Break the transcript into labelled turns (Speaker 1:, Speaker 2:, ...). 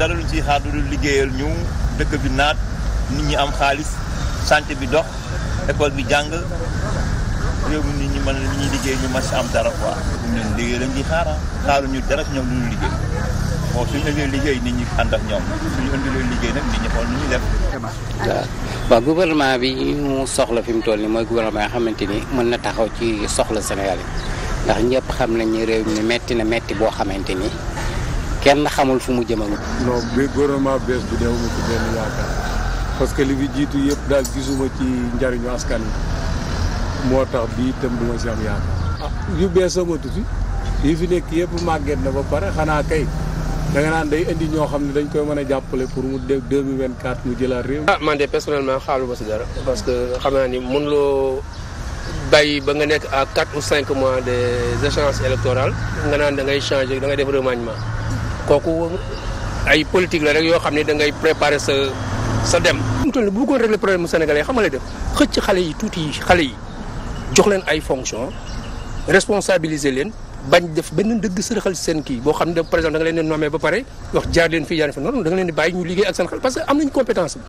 Speaker 1: dara lu ciy xaar du liggéeyal ñu dëkk bi naat nit ñi am xaalis santé bi dox école bi jàng réew mi nit ñuy liggéey ñu mas am dara quoi. ñu leen liggéey lañ di xaara ah. xaaruñu dara ñoom lu liggéey bon suñu ëndee liggéey
Speaker 2: nit ñi ànd ak ñoom suñu ëndilee liggéey nag nit ñi xool
Speaker 3: nu bi mu soxla fi mu toll nii mooy gouvernement yoo xamante ni mën na taxaw ci soxla Sénégal yi ndax ñëpp xam nañ réew mi metti na metti boo xamante ni. kenn xamul fu mu jëmam non bi gouvernement bees bi que li fi jiitu yëpp daal gisuma
Speaker 4: ci njariñu askan wi moo tax bii itam du ma si am yaakaar ah yu bees amatu fi yi fi nekk yëpp màgget na ba pare xanaa kay da nga naan day indi ñoo xam ne dañ koy mën a jàppale pour mu dégg 2024 mu jëlaat réew ah
Speaker 5: man de personnellement xaalu ba si dara parce que xam naa ni mën loo bàyyi ba nga nekk à 4 ou 5 mois de échéances électorales nga naan da ngay changer da ngay def remaniement kooku ay politique la rek yoo xam ne da ngay préparer sa sa dem. mu toll bu bëggoon régler problème mu sénégalais xam nga lay def xëcc xale yi tuuti yi xale yi jox leen ay fonction responsabiliser leen bañ def benn dëgg sërxal seen kii boo xam ne par exemple da leen di ba pare wax jaar leen fii jaar noonu da leen bàyyi ñu liggéey ak seen xel parce que am nañ compétence bi.